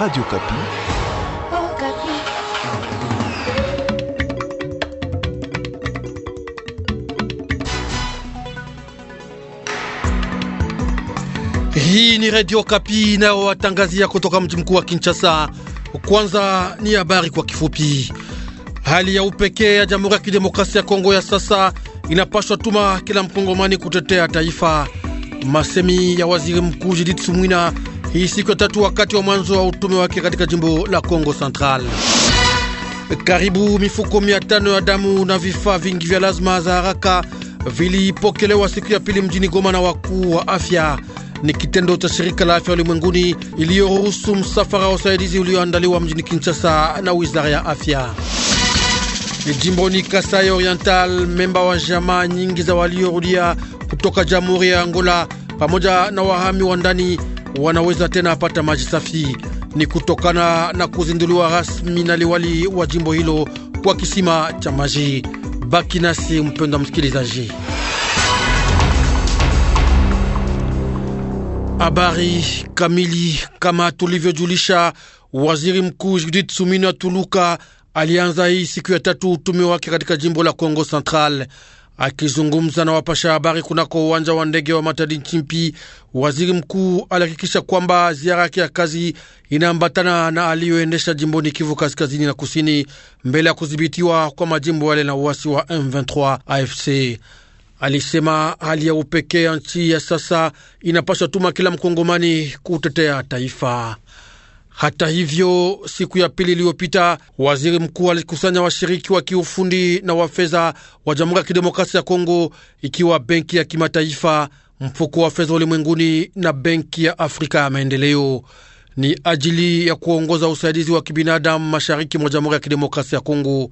Radio Kapi. Oh, Kapi. Hii ni Radio Kapi inayowatangazia kutoka mji mkuu wa Kinshasa. Kwanza ni habari kwa kifupi. Hali ya upekee ya Jamhuri ya Kidemokrasia ya Kongo ya sasa inapaswa tuma kila mkongomani kutetea taifa. Masemi ya Waziri Mkuu Judith Suminwa hii siku ya tatu wakati wa mwanzo wa utume wake katika jimbo la Kongo Central. Karibu mifuko mia tano ya damu na vifaa vingi vya lazima za haraka vilipokelewa siku ya pili mjini Goma na wakuu wa afya. Ni kitendo cha shirika la afya ulimwenguni iliyoruhusu msafara wa usaidizi ulioandaliwa mjini Kinshasa na wizara ya afya. Jimboni Kasai Oriental, memba wa jamaa nyingi za waliorudia kutoka jamhuri ya Angola pamoja na wahami wa ndani wanaweza tena apata maji safi. Ni kutokana na kuzinduliwa rasmi na liwali wa jimbo hilo kwa kisima cha maji. Baki nasi mpenda msikilizaji. Habari kamili. Kama tulivyojulisha, waziri mkuu Judith Suminwa Tuluka alianza hii siku ya tatu utume wake katika jimbo la Kongo Central. Akizungumza na wapasha habari kunako uwanja wa ndege wa Matadi chimpi waziri mkuu alihakikisha kwamba ziara yake ya kazi inaambatana na aliyoendesha jimboni Kivu kaskazini na kusini, mbele ya kudhibitiwa kwa majimbo yale na uasi wa M23 AFC. Alisema hali ya upekee ya nchi ya sasa inapaswa tuma kila mkongomani kutetea taifa. Hata hivyo, siku ya pili iliyopita, waziri mkuu alikusanya washiriki wa kiufundi na wa fedha wa Jamhuri ya Kidemokrasia ya Kongo, ikiwa Benki ya Kimataifa, Mfuko wa Fedha Ulimwenguni na Benki ya Afrika ya Maendeleo ni ajili ya kuongoza usaidizi wa kibinadamu mashariki mwa Jamhuri ya Kidemokrasia ya Kongo.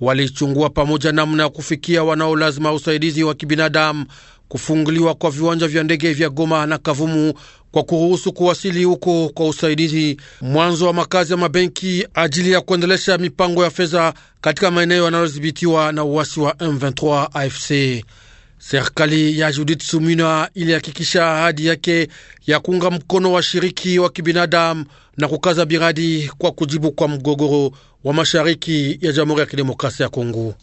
Walichungua pamoja namna ya kufikia wanaolazima usaidizi wa kibinadamu, kufunguliwa kwa viwanja vya ndege vya Goma na Kavumu kwa kuruhusu kuwasili huko kwa usaidizi mwanzo wa makazi ya mabenki ajili ya kuendelesha mipango ya fedha katika maeneo yanayodhibitiwa na uwasi wa M23 AFC. Serikali ya Judith Suminwa ilihakikisha ahadi yake ya kuunga mkono washiriki wa kibinadamu na kukaza biradi kwa kujibu kwa mgogoro wa mashariki ya Jamhuri ya Kidemokrasia ya Kongo.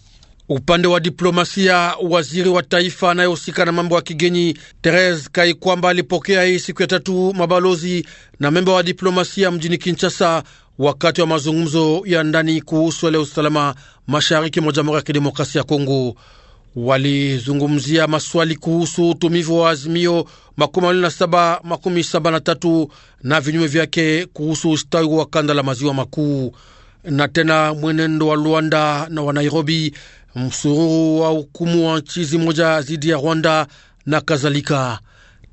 Upande wa diplomasia, waziri wa taifa anayehusika na mambo ya kigeni Therese Kaikwamba alipokea hii siku ya tatu mabalozi na memba wa diplomasia mjini Kinshasa wakati wa mazungumzo ya ndani kuhusu hali ya usalama mashariki mwa Jamhuri ya Kidemokrasia ya Kongo. Walizungumzia maswali kuhusu utumivu wa azimio 2773 na vinyume vyake kuhusu ustawi wa kanda la maziwa makuu na tena mwenendo wa Luanda na wa Nairobi, msururu wa hukumu wa nchi zimoja dhidi ya Rwanda na kadhalika.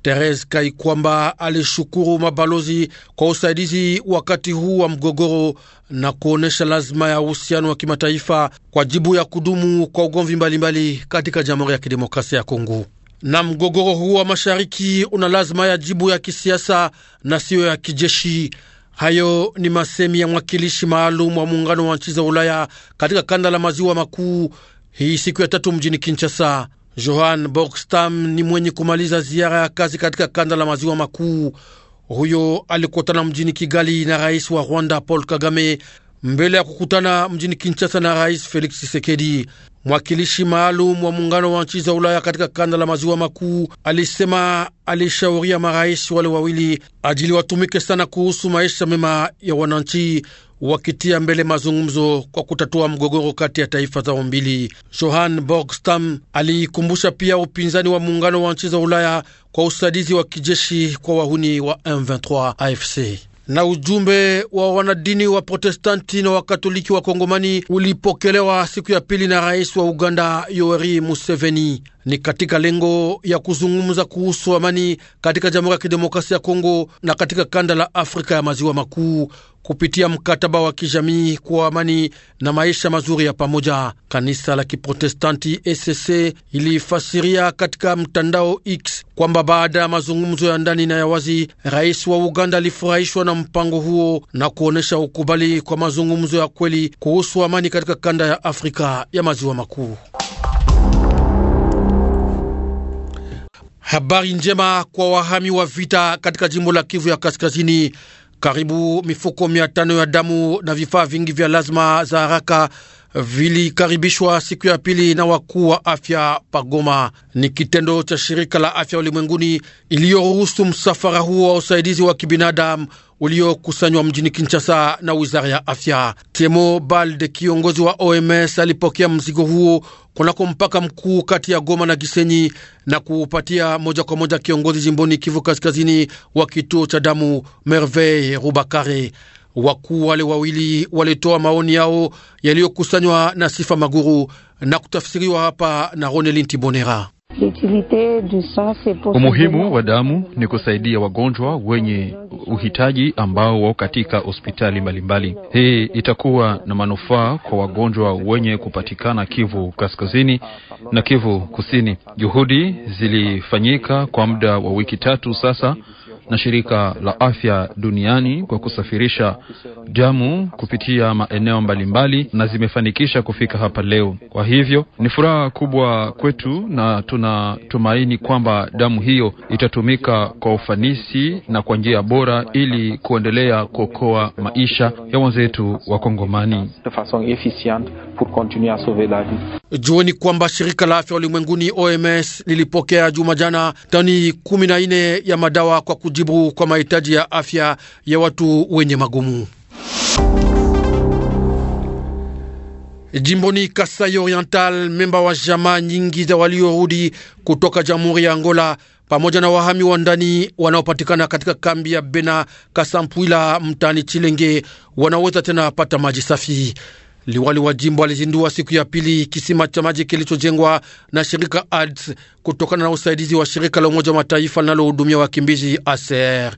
Therese Kaikwamba alishukuru mabalozi kwa usaidizi wakati huu wa mgogoro na kuonyesha lazima ya uhusiano wa kimataifa kwa jibu ya kudumu kwa ugomvi mbalimbali katika Jamhuri ya Kidemokrasia ya Kongo. Na mgogoro huu wa mashariki una lazima ya jibu ya kisiasa na siyo ya kijeshi. Hayo ni masemi ya mwakilishi maalum wa muungano wa nchi za Ulaya katika kanda la maziwa makuu hii siku ya tatu mjini Kinshasa. Johan Bogstam ni mwenye kumaliza ziara ya kazi katika kanda la maziwa makuu. Huyo alikutana mjini Kigali na rais wa Rwanda Paul Kagame mbele ya kukutana mjini Kinshasa na Rais Felix Tshisekedi. Mwakilishi maalum wa muungano wa nchi za Ulaya katika kanda la maziwa makuu alisema alishauria marais wale wawili ajili watumike sana kuhusu maisha mema ya wananchi, wakitia mbele mazungumzo kwa kutatua mgogoro kati ya taifa zao mbili. Johan Borgstam aliikumbusha pia upinzani wa muungano wa nchi za Ulaya kwa usaidizi wa kijeshi kwa wahuni wa M23 AFC na ujumbe wa wanadini wa Protestanti na Wakatoliki wa Kongomani ulipokelewa siku ya pili na rais wa Uganda Yoweri Museveni ni katika lengo ya kuzungumza kuhusu amani katika Jamhuri ya Kidemokrasia ya Kongo na katika kanda la Afrika ya Maziwa Makuu kupitia mkataba wa kijamii kwa amani na maisha mazuri ya pamoja. Kanisa la Kiprotestanti ECC ilifasiria katika mtandao X kwamba baada ya mazungumzo ya ndani na ya wazi, rais wa Uganda alifurahishwa na mpango huo na kuonyesha ukubali kwa mazungumzo ya kweli kuhusu amani katika kanda ya Afrika ya Maziwa Makuu. Habari njema kwa wahami wa vita katika jimbo la Kivu ya Kaskazini. Karibu mifuko mia tano ya damu na vifaa vingi vya lazima za haraka vilikaribishwa siku ya pili na wakuu wa afya pagoma. Ni kitendo cha shirika la afya ulimwenguni iliyoruhusu msafara huo wa usaidizi wa kibinadamu uliokusanywa mjini Kinshasa na wizara ya afya. Temo Balde, kiongozi wa OMS, alipokea mzigo huo kunako mpaka mkuu kati ya Goma na Gisenyi na kuupatia moja kwa moja kiongozi jimboni Kivu Kaskazini wa kituo cha damu Merveille Rubakare. Wakuu wale wawili walitoa maoni yao yaliyokusanywa na Sifa Maguru na kutafsiriwa hapa na Ronelin Tibonera. Umuhimu wa damu ni kusaidia wagonjwa wenye uhitaji ambao wao katika hospitali mbalimbali. Hii itakuwa na manufaa kwa wagonjwa wenye kupatikana Kivu Kaskazini na Kivu Kusini. Juhudi zilifanyika kwa muda wa wiki tatu sasa na shirika la afya duniani kwa kusafirisha damu kupitia maeneo mbalimbali na zimefanikisha kufika hapa leo. Kwa hivyo ni furaha kubwa kwetu na tunatumaini kwamba damu hiyo itatumika kwa ufanisi na kwa njia bora ili kuendelea kuokoa maisha ya wenzetu wa Kongomani. Jueni kwamba shirika la afya ulimwenguni OMS lilipokea juma jana tani kumi na nne ya madawa kwa kuji kujibu kwa mahitaji ya afya ya watu wenye magumu. Jimboni Kasai Oriental, memba wa jamaa nyingi za waliorudi kutoka Jamhuri ya Angola pamoja na wahami wa ndani wanaopatikana katika kambi ya Bena Kasampwila mtaani Chilenge wanaweza tena pata maji safi. Liwali wa jimbo alizindua siku ya pili kisima cha maji kilichojengwa na shirika ADS kutokana na usaidizi wa shirika la Umoja wa Mataifa linalohudumia wakimbizi ACR. E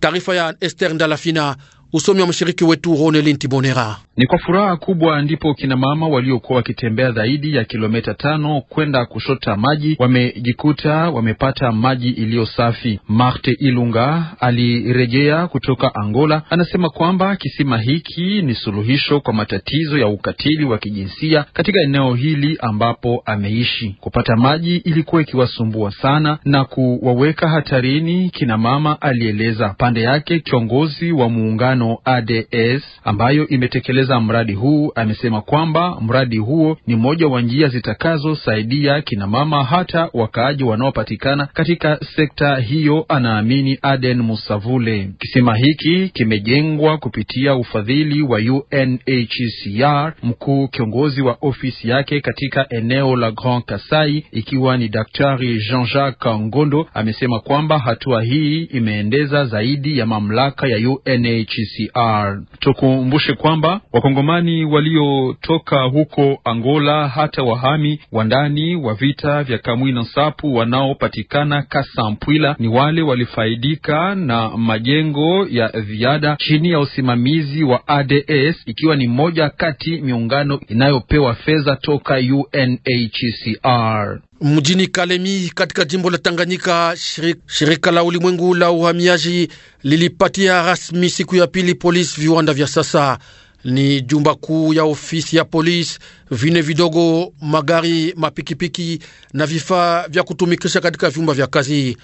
Taarifa ya Esther Ndalafina Usomi wa mshiriki wetu Ronelin Tibonera. Ni kwa furaha kubwa ndipo kinamama waliokuwa wakitembea zaidi ya kilomita tano kwenda kushota maji wamejikuta wamepata maji iliyo safi. Marte Ilunga alirejea kutoka Angola, anasema kwamba kisima hiki ni suluhisho kwa matatizo ya ukatili wa kijinsia katika eneo hili ambapo ameishi. Kupata maji ilikuwa ikiwasumbua sana na kuwaweka hatarini, kinamama alieleza. Pande yake kiongozi wa muungano tano ADS ambayo imetekeleza mradi huu, amesema kwamba mradi huo ni mmoja wa njia zitakazosaidia kinamama hata wakaaji wanaopatikana katika sekta hiyo, anaamini Aden Musavule. Kisima hiki kimejengwa kupitia ufadhili wa UNHCR, mkuu kiongozi wa ofisi yake katika eneo la Grand Kasai, ikiwa ni Daktari Jean-Jacques Ngondo amesema kwamba hatua hii imeendeza zaidi ya mamlaka ya UNHCR UNHCR. Tukumbushe kwamba wakongomani waliotoka huko Angola, hata wahami wa ndani wa vita vya na Nsapu wanaopatikana Kasampwila ni wale walifaidika na majengo ya ziada chini ya usimamizi wa ADS, ikiwa ni moja kati miungano inayopewa fedha toka UNHCR. Mjini Kalemi katika jimbo la Tanganyika, shirika, shirika la ulimwengu la uhamiaji lilipatia rasmi siku ya pili polisi viwanda vya sasa ni jumba kuu ya ofisi ya polisi, vine vidogo, magari, mapikipiki na vifaa vya kutumikisha katika vyumba vya kazi.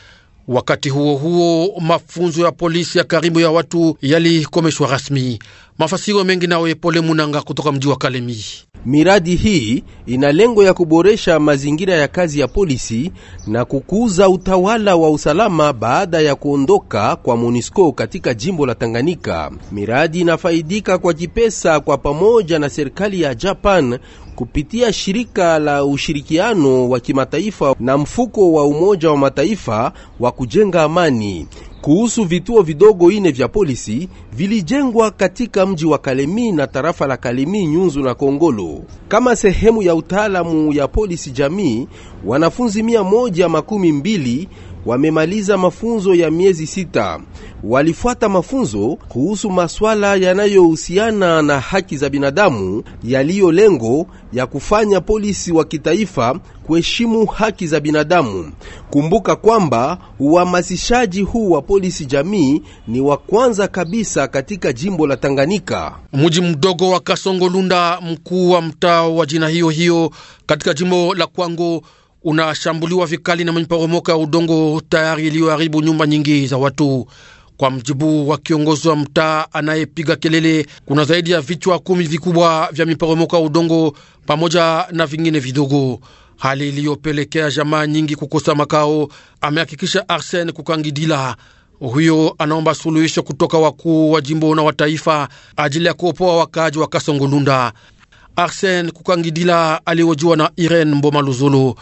Wakati huo huo, mafunzo ya polisi ya karibu ya watu yalikomeshwa rasmi. Mafasiro mengi nawe Pole Munanga kutoka mji wa Kalemi. Miradi hii ina lengo ya kuboresha mazingira ya kazi ya polisi na kukuza utawala wa usalama baada ya kuondoka kwa MONUSCO katika jimbo la Tanganyika. Miradi inafaidika kwa kipesa kwa pamoja na serikali ya Japan kupitia shirika la ushirikiano wa kimataifa na mfuko wa Umoja wa Mataifa wa kujenga amani kuhusu vituo vidogo ine vya polisi vilijengwa katika mji wa Kalemi na tarafa la Kalemi, Nyunzu na Kongolo kama sehemu ya utaalamu ya polisi jamii. Wanafunzi mia moja makumi mbili wamemaliza mafunzo ya miezi sita. Walifuata mafunzo kuhusu maswala yanayohusiana na haki za binadamu yaliyo lengo ya kufanya polisi wa kitaifa kuheshimu haki za binadamu. Kumbuka kwamba uhamasishaji huu wa polisi jamii ni wa kwanza kabisa katika jimbo la Tanganyika. Mji mdogo wa Kasongolunda, mkuu wa mtaa wa jina hiyo hiyo katika jimbo la Kwango unashambuliwa vikali na miporomoko ya udongo tayari iliyoharibu nyumba nyingi za watu. Kwa mjibu wa kiongozi wa mtaa anayepiga kelele, kuna zaidi ya vichwa kumi vikubwa vya miporomoko ya udongo pamoja na vingine vidogo, hali iliyopelekea jamaa nyingi kukosa makao. Amehakikisha Arsen Kukangidila. Huyo anaomba suluhisho kutoka wakuu wa jimbo na wa taifa ajili ya kuopoa wakaaji wa Kasongolunda arsen Kukangidila aliojiwa na Irene Mboma Luzulu.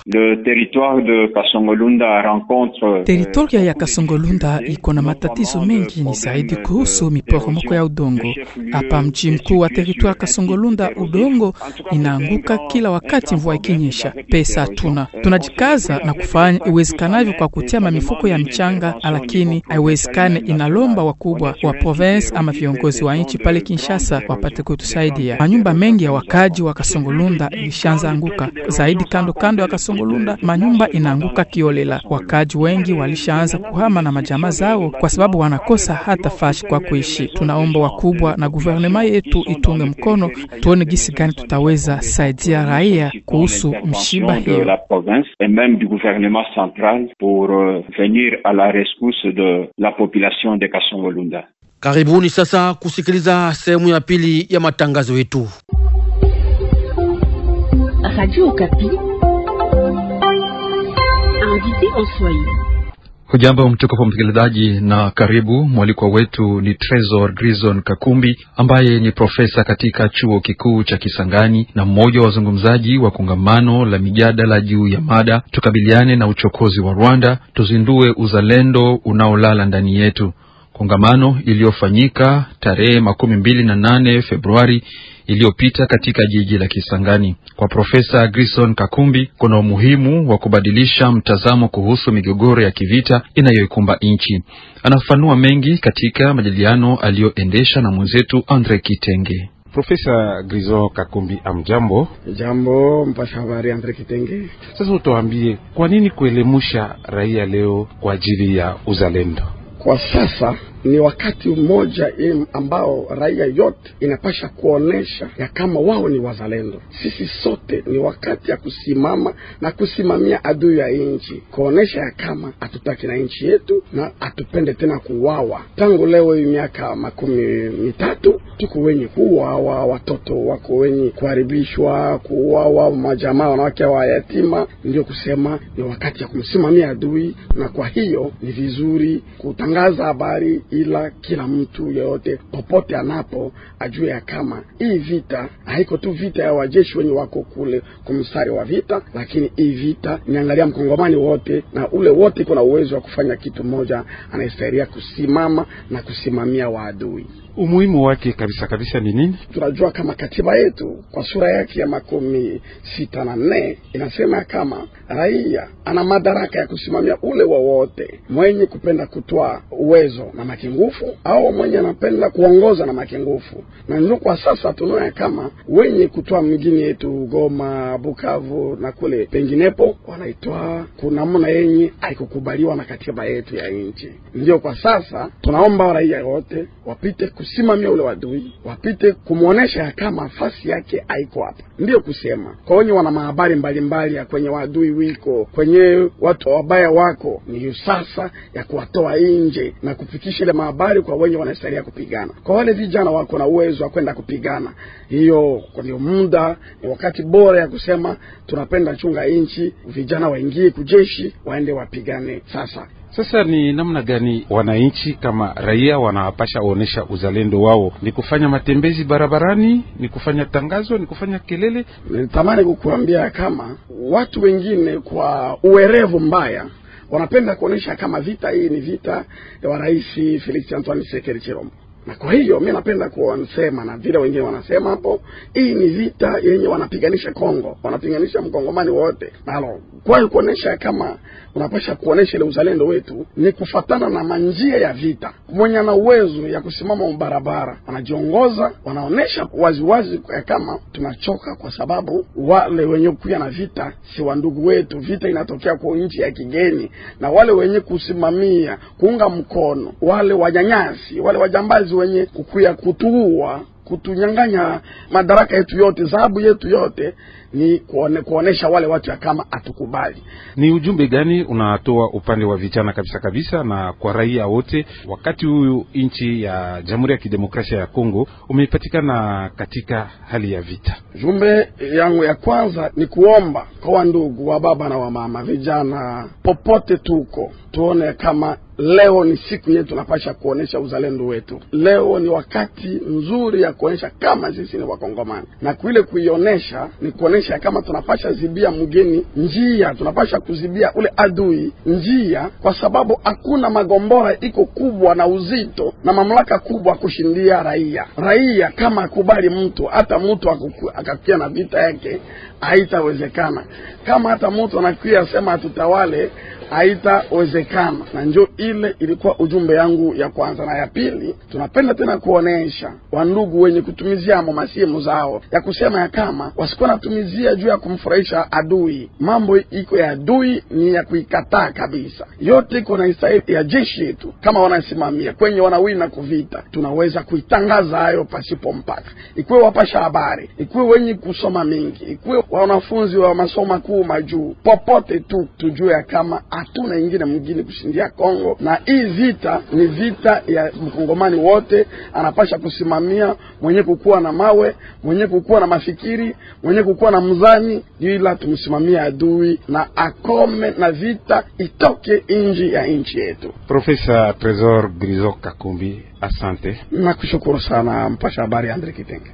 Teritoria ya Kasongolunda iko na matatizo euh, mengi, ni zaidi kuhusu miporomoko ya udongo. Hapa mji mkuu wa teritoria Kasongolunda, udongo inaanguka kila wakati mvua ikinyesha. Pesa hatuna, euh, tunajikaza na kufanya iwezekanavyo kwa kutia mamifuko ya mchanga, lakini haiwezekane. Inalomba wakubwa wa province ama viongozi wa nchi pale Kinshasa wapate euh, kutusaidia. Manyumba mengi ya wakati ufugaji wa Kasongolunda ilishaanza anguka zaidi. Kando kando ya Kasongolunda manyumba inaanguka kiolela, wakaji wengi walishaanza kuhama na majamaa zao kwa sababu wanakosa hata fashi kwa kuishi. Tunaomba wakubwa na guvernema yetu itunge mkono, tuone gisi gani tutaweza saidia raia kuhusu mshiba hiyo. Euh, Karibuni sasa kusikiliza sehemu ya pili ya matangazo yetu. Radio Okapi. Hujambo mtukufu msikilizaji, na karibu. Mwalikwa wetu ni Tresor Grison Kakumbi ambaye ni profesa katika chuo kikuu cha Kisangani na mmoja wa wazungumzaji wa kongamano la mijadala juu ya mada tukabiliane na uchokozi wa Rwanda, tuzindue uzalendo unaolala ndani yetu, kongamano iliyofanyika tarehe makumi mbili na nane Februari iliyopita katika jiji la Kisangani. Kwa Profesa Grison Kakumbi, kuna umuhimu wa kubadilisha mtazamo kuhusu migogoro ya kivita inayoikumba nchi. Anafafanua mengi katika majadiliano aliyoendesha na mwenzetu Andre Kitenge. Profesa Grizo Kakumbi, amjambo. Jambo mpasha habari Andre Kitenge. Sasa utuambie kwa nini kuelemusha raia leo kwa ajili ya uzalendo? Kwa sasa ni wakati mmoja ambao raia yote inapasha kuonesha ya kama wao ni wazalendo. Sisi sote ni wakati ya kusimama na kusimamia adui ya nchi, kuonesha ya kama hatutaki na nchi yetu na hatupende tena kuwawa. Tangu leo hii miaka makumi mitatu tuko wenye kuwawa, watoto wako wenye kuharibishwa, kuwawa, majamaa wanawake wa yatima. Ndio kusema ni wakati ya kumsimamia adui, na kwa hiyo ni vizuri kutangaza habari ila kila mtu yoyote popote anapo ajue ya kama hii vita haiko tu vita ya wajeshi wenye wako kule kumstari wa vita, lakini hii vita niangalia mkongomani wote na ule wote iko na uwezo wa kufanya kitu moja, anaistahiria kusimama na kusimamia waadui umuhimu wake kabisa kabisa ni nini? Tunajua kama katiba yetu kwa sura yake ya makumi sita na nne inasema kama raia ana madaraka ya kusimamia ule wowote mwenye kupenda kutoa uwezo na makingufu au mwenye anapenda kuongoza na makingufu, na ndio kwa sasa tunaona kama wenye kutoa mgini yetu Goma, Bukavu na kule penginepo wanaitoa kunamna yenye haikukubaliwa na katiba yetu ya nchi. Ndio kwa sasa tunaomba raia wote wapite kusimamia kusimamia ule wadui wapite kumwonesha kama fasi yake haiko hapa. Ndiyo kusema kwa wenye wana mahabari mbalimbali ya kwenye wadui wiko kwenye watu wabaya wako, ni sasa ya kuwatoa nje na kufikisha ile mahabari kwa wenye wanastaria kupigana. Kwa wale vijana wako na uwezo wa kwenda kupigana, hiyo ndio muda, ni wakati bora ya kusema tunapenda chunga nchi, vijana waingie kujeshi, waende wapigane sasa sasa ni namna gani wananchi kama raia wanawapasha onesha uzalendo wao? Ni kufanya matembezi barabarani, ni kufanya tangazo, ni kufanya kelele? nitamani kukuambia kama watu wengine kwa uwerevu mbaya wanapenda kuonesha kama vita hii ni vita ya Rais Felix Antoine Tshisekedi Tshilombo, na kwa hiyo mi napenda kuwasema na vile wengine wanasema hapo, hii ni vita yenye wanapiganisha Kongo, wanapiganisha mkongomani wote, nalo kwa kuonesha kama tunapasha kuonesha ile uzalendo wetu ni kufatana na manjia ya vita. Mwenye na uwezo ya kusimama mbarabara wanajiongoza, wanaonesha waziwazi kama tunachoka, kwa sababu wale wenye kuya na vita si wandugu wetu, vita inatokea kwa nchi ya kigeni, na wale wenye kusimamia kuunga mkono wale wanyanyasi, wale wajambazi wenye kukuya kutuua kutunyang'anya madaraka yetu yote, dhahabu yetu yote, ni kuone, kuonesha wale watu ya kama atukubali Ni ujumbe gani unatoa upande wa vijana kabisa kabisa na kwa raia wote, wakati huyu nchi ya Jamhuri ya Kidemokrasia ya Kongo umepatikana katika hali ya vita? Jumbe yangu ya kwanza ni kuomba kwa wandugu wa baba na wa mama, vijana popote tuko, tuone kama Leo ni siku yetu, tunapasha kuonyesha uzalendo wetu. Leo ni wakati nzuri ya kuonyesha kama sisi ni Wakongomani, na kuile kuionyesha ni kuonyesha kama tunapasha zibia mgeni njia, tunapasha kuzibia ule adui njia, kwa sababu hakuna magombora iko kubwa na uzito na mamlaka kubwa kushindia raia. Raia kama akubali mtu, hata mtu akakia na vita yake haitawezekana. Kama hata mtu anakuya sema atutawale haitawezekana, na njo ile ilikuwa ujumbe yangu ya kwanza. Na ya pili, tunapenda tena kuonesha wandugu wenye kutumizia masimu zao ya kusema ya kama wasikuwa natumizia juu ya kumfurahisha adui. Mambo iko ya adui ni ya kuikataa kabisa, yote iko na istahili ya jeshi yetu kama wanasimamia kwenye wanawina kuvita, tunaweza kuitangaza hayo pasipo mpaka, ikuwe wapasha habari, ikuwe wenye kusoma mingi, ikuwe wanafunzi wa masomo makuu majuu, popote tu tujue ya kama hatuna ingine mwingine kushindia Kongo, na hii vita ni vita ya mkongomani wote, anapasha kusimamia mwenye kukuwa na mawe, mwenye kukuwa na mafikiri, mwenye kukuwa na mzani, ila tumsimamia adui na akome na vita itoke nji ya nchi yetu. Profesa Tresor Grizo Kakumbi, asante na kushukuru sana mpasha habari Andre Kitenge.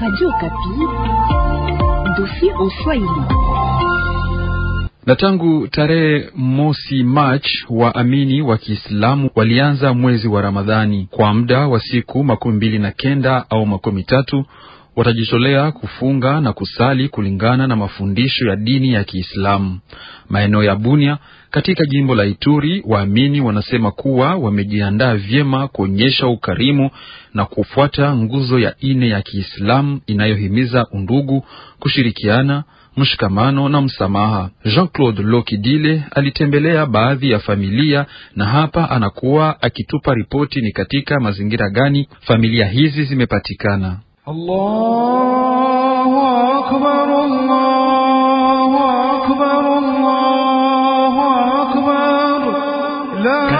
Radio Kapi dossier en Na tangu tarehe mosi Machi waamini wa Kiislamu walianza mwezi wa Ramadhani kwa muda wa siku makumi mbili na kenda au makumi tatu watajitolea kufunga na kusali kulingana na mafundisho ya dini ya Kiislamu. Maeneo ya Bunia katika jimbo la Ituri, waamini wanasema kuwa wamejiandaa vyema kuonyesha ukarimu na kufuata nguzo ya ine ya Kiislamu inayohimiza undugu, kushirikiana, mshikamano na msamaha. Jean-Claude Lokidile alitembelea baadhi ya familia na hapa anakuwa akitupa ripoti ni katika mazingira gani familia hizi zimepatikana. Allahu Akbar, Allahu Akbar.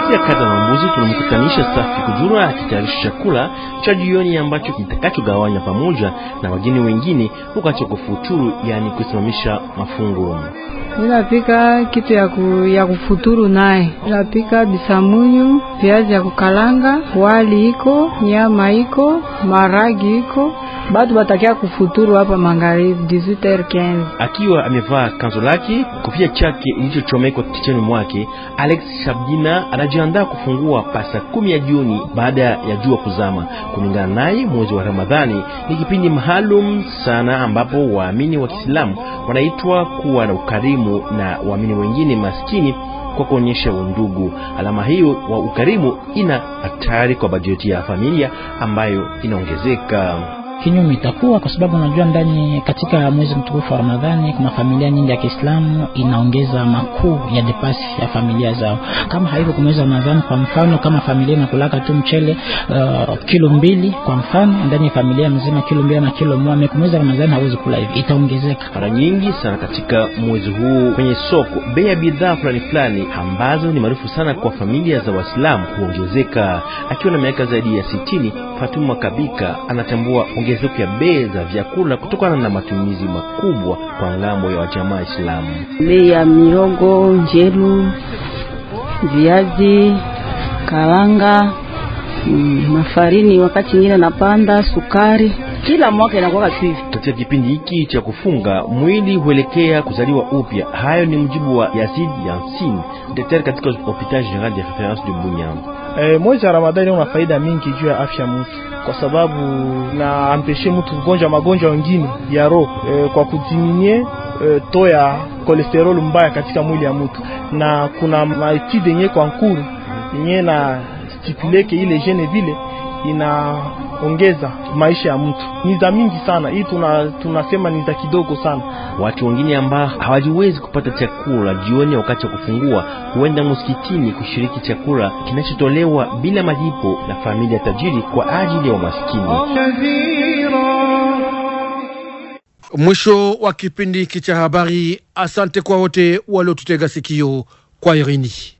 Pia kada mbuzi tunamkutanisha Safi Kujura akitayarisha chakula cha jioni ambacho kitakachogawanya pamoja na wageni wengine wakati wa kufuturu, yani kusimamisha mafungo. Ninapika kitu ya, ku, ya kufuturu naye napika bisamunyu, viazi ya kukalanga, wali iko, nyama iko, maragi iko. Batu batakia kufuturu hapa magharibi 18 Akiwa amevaa kanzo lake, kofia chake ilichochomekwa kichwani mwake, Alex Shabdina anaji wanajiandaa kufungua pasa kumi ya jioni baada ya jua kuzama. Kulingana naye, mwezi wa Ramadhani ni kipindi maalum sana ambapo waamini wa Kiislamu wanaitwa kuwa na ukarimu na waamini wengine maskini kwa kuonyesha undugu. Alama hiyo wa ukarimu ina hatari kwa bajeti ya familia ambayo inaongezeka kinyume itakuwa, kwa sababu unajua ndani katika mwezi mtukufu wa Ramadhani kuna familia nyingi ya Kiislamu inaongeza makuu ya depasi ya familia zao. Kama haivyo kwa mwezi wa Ramadhani, kwa mfano kama familia inakulaka tu mchele uh, kilo mbili kwa mfano, ndani ya familia mzima kilo mbili na kilo moja, kwa mwezi wa Ramadhani hawezi kula hivi, itaongezeka mara nyingi sana katika mwezi huu. Kwenye soko bei ya bidhaa fulani fulani ambazo ni maarufu sana kwa familia za Waislamu huongezeka. Akiwa na miaka zaidi ya 60, Fatuma Kabika anatambua ongezeko ya bei za vyakula kutokana na matumizi makubwa kwa ngambo ya wajamaa Islamu. Bei ya miogo, njelu, viazi, karanga, mm, mafarini, wakati nyingine napanda sukari kila mwaka inakuwa hivi. Katika kipindi hiki cha kufunga mwili huelekea kuzaliwa upya. Hayo ni mjibu wa Yazid Yansin, daktari katika hospitali general de reference de Bunya. Eh, mwezi wa Ramadhani una faida mingi juu ya afya mtu kwa sababu na ampeshe mtu kugonja magonjwa wengine ya roho e, kwa kudiminye e, eh, ya kolesterol mbaya katika mwili ya mtu, na kuna maetide yenye kwa nkuru yenye na stipuleke ile jene vile inaongeza maisha ya mtu. Ni za mingi sana hii, tuna tunasema ni za kidogo sana. Watu wengine ambao hawajiwezi kupata chakula jioni wakati wa kufungua huenda msikitini kushiriki chakula kinachotolewa bila malipo na familia tajiri kwa ajili ya umaskini. Mwisho wa kipindi hiki cha habari. Asante kwa wote waliotutega sikio. Kwa Irini.